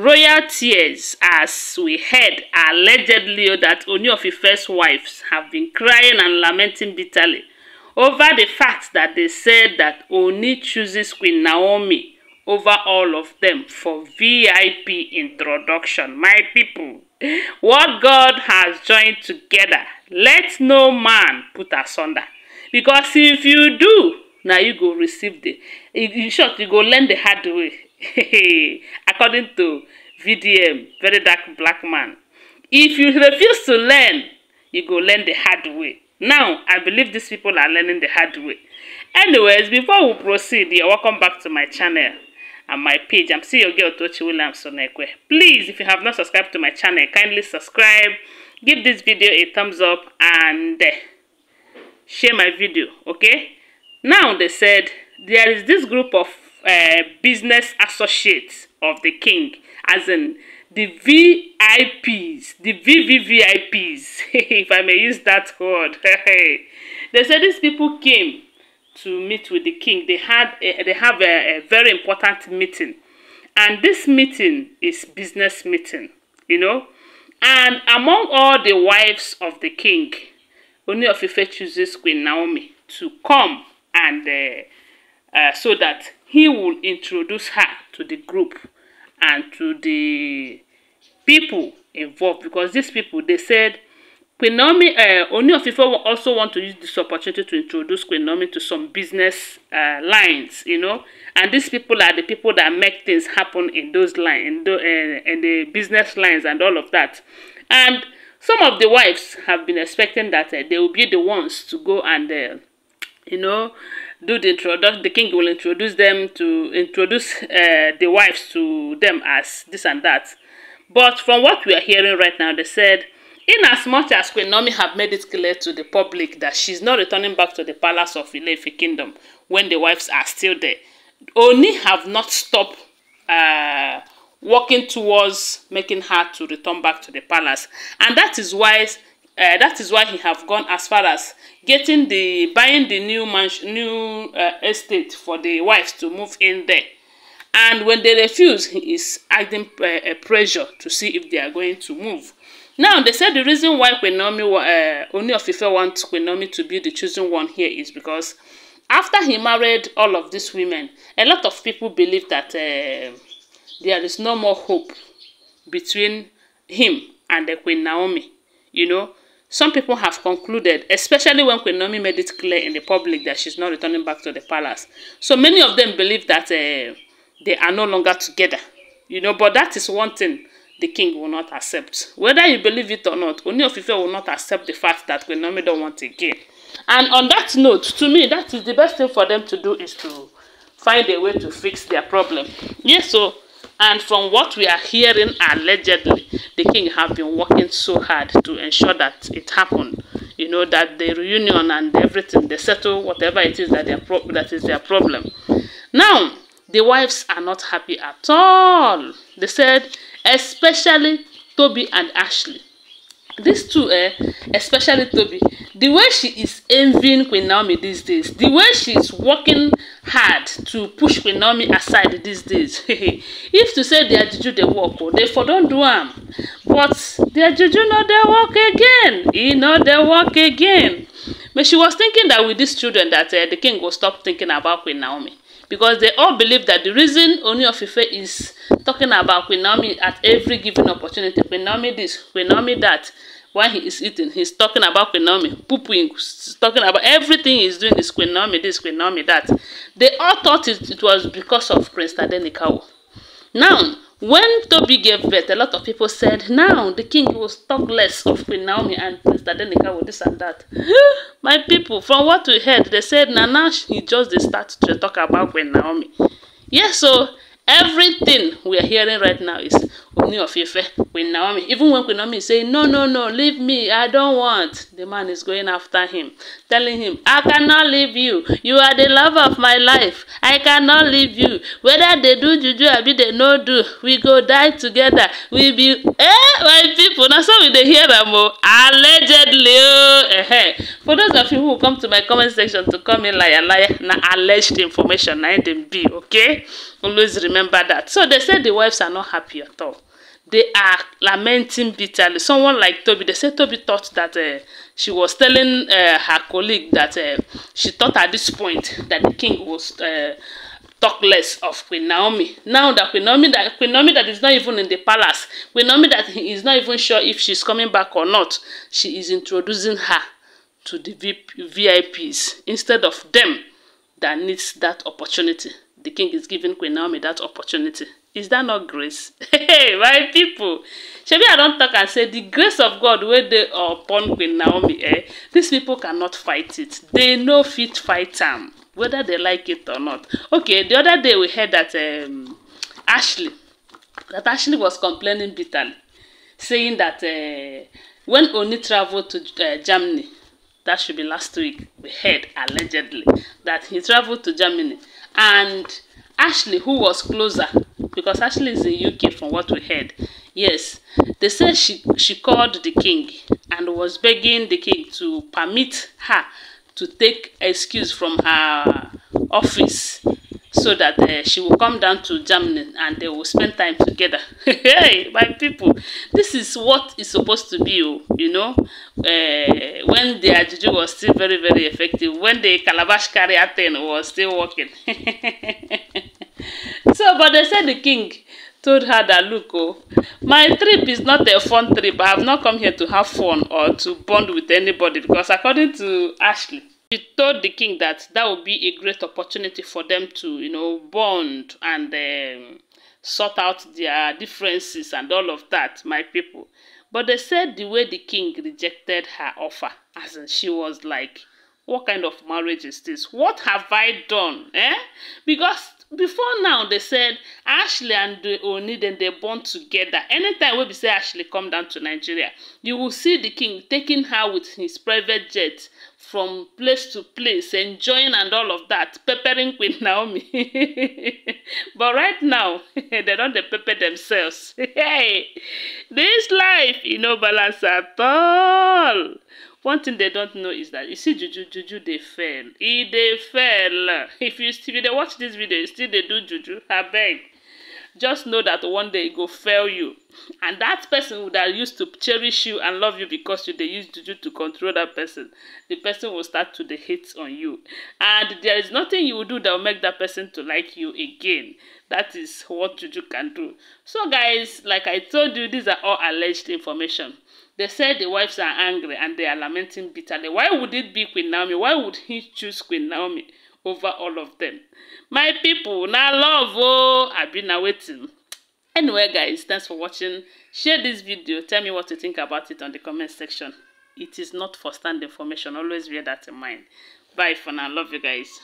Royal tears, as we heard, allegedly that Ooni of his first wives have been crying and lamenting bitterly over the fact that they said that Ooni chooses Queen Naomi over all of them for VIP introduction. My people, what God has joined together, let no man put asunder. Because if you do, now you go receive the, in short, you go learn the hard way. according to VDM, very dark black man. If you refuse to learn, you go learn the hard way. Now, I believe these people are learning the hard way. Anyways, before we proceed, you're welcome back to my channel and my page. I'm still your girl, Tochi Williams Onekwe. Please, if you have not subscribed to my channel, kindly subscribe, give this video a thumbs up, and eh, share my video, okay? Now, they said there is this group of Uh, business associates of the king as in the VIPs, the VVVIPs, if I may use that word. they say these people came to meet with the king. They had a, they have a, a very important meeting, and this meeting is business meeting, you know. And among all the wives of the king, only of Ife chooses Queen Naomi to come and uh, uh, so that he will introduce her to the group and to the people involved because these people they said Queen Naomi uh, Ooni of Ife also want to use this opportunity to introduce Queen Naomi to some business uh, lines you know and these people are the people that make things happen in those lines in, the, uh, in the business lines and all of that and some of the wives have been expecting that uh, they will be the ones to go and uh, you know do the introduction the king will introduce them to introduce uh, the wives to them as this and that but from what we are hearing right now they said inasmuch as queen Nomi have made it clear to the public that she's not returning back to the palace of ilefe kingdom when the wives are still there oni have not stopped uh, working towards making her to return back to the palace and that is why Uh, that is why he have gone as far as getting the buying the new mansion, new uh, estate for the wives to move in there. And when they refuse, he is adding uh, pressure to see if they are going to move. Now, they said the reason why Queen Naomi, uh, Ooni of Ife wants Queen Naomi to be the chosen one here is because after he married all of these women, a lot of people believe that uh, there is no more hope between him and the Queen Naomi. You know, Some people have concluded, especially when Queen Nomi made it clear in the public that she's not returning back to the palace. So many of them believe that uh, they are no longer together. You know, but that is one thing the king will not accept. Whether you believe it or not, Ooni of will not accept the fact that Queen Nomi don't want again. And on that note, to me, that is the best thing for them to do is to find a way to fix their problem. Yes, so, and from what we are hearing allegedly, the king have been working so hard to ensure that it happened. You know, that the reunion and everything, they settle whatever it is that, their pro- that is their problem. Now, the wives are not happy at all. They said, especially Toby and Ashley. These two, eh, especially Toby, the way she is envying Queen Naomi these days, the way she is walking hard to push queen aside these days if to say their juju dey work o they for don do am but their juju no dey work again e no dey work again but she was thinking that with these children that uh, the king go stop thinking about queen because they all believe that the reason Ooni of is talking about Queen at every given opportunity Queen this Queen that Why he is eating, he's talking about Queen Naomi, pooping, talking about everything he's doing is Queen Naomi this, Queen Naomi that. They all thought it, it was because of Prince Tadenikawo. Now, when Toby gave birth, a lot of people said, now the king will talk less of Queen Naomi and Prince Tadenikawo, this and that. My people, from what we heard, they said, "Nana, now he just started to talk about Queen Naomi. Yes, yeah, so everything we are hearing right now is Ooni of Ife, Queen Naomi. Even when Queen Naomi is saying, no, no, no, leave me, I don't want, the man is going after him, telling him, I cannot leave you. You are the love of my life. I cannot leave you. Whether they do juju abi they no do, we go die together. We be, eh, my people, na so we dey hear am o, oh. allegedly o. Eh, eh. For those of you who come to my comment section to call me liar liar, na alleged information na dem be, okay? Always remember that. So they say the wives are not happy at all they are lamenting bitterly. Someone like Toby, they say Toby thought that uh, she was telling uh, her colleague that uh, she thought at this point that the king was uh, talk less of Queen Naomi. Now that Queen Naomi that Queen Naomi that is not even in the palace, Queen Naomi that he is not even sure if she's coming back or not, she is introducing her to the VIPs instead of them that needs that opportunity the king is giving Queen Naomi that opportunity. Is that not grace? Hey, my people. Shebi, I don't talk and say the grace of God where they are upon Queen Naomi, eh? These people cannot fight it. They no fit fight them, whether they like it or not. Okay, the other day we heard that um, Ashley, that Ashley was complaining bitterly, saying that uh, when Oni traveled to uh, Germany, that should be last week, we heard allegedly that he traveled to Germany. And Ashley, who was closer, because Ashley is in UK from what we heard, yes, they said she, she called the king and was begging the king to permit her to take excuse from her office so that uh, she will come down to Germany and they will spend time together. hey, my people, this is what is supposed to be, oh, you know. Uh, when the Ajuju was still very, very effective, when the Calabash carrier thing was still working. so, but they said the king told her that, look, oh, my trip is not a fun trip. I have not come here to have fun or to bond with anybody because according to Ashley, she told the king that that would be a great opportunity for them to, you know, bond and um, sort out their differences and all of that, my people. But they said the way the king rejected her offer, as in she was like, what kind of marriage is this? What have I done? Eh? Because before now they said ashley and oni then they born together anytime we be say ashley come down to nigeria you will see the king taking her with his private jet from place to place enjoying and all of that peppering queen naomi but right now they don't dey pepper themselves hey this life e no balance at all one thing they don't know is that you see juju juju they fail He they fail if you still they watch this video you still they do juju I beg, just know that one day it go fail you and that person that used to cherish you and love you because you they use juju to control that person the person will start to the hate on you and there is nothing you will do that will make that person to like you again that is what juju can do so guys like i told you these are all alleged information They said the wives are angry and they are lamenting bitterly. Why would it be Queen Naomi? Why would he choose Queen Naomi over all of them? My people, now love oh, I've been awaiting. Anyway, guys, thanks for watching. Share this video. Tell me what you think about it on the comment section. It is not for stand information. Always bear that in mind. Bye for now. Love you guys.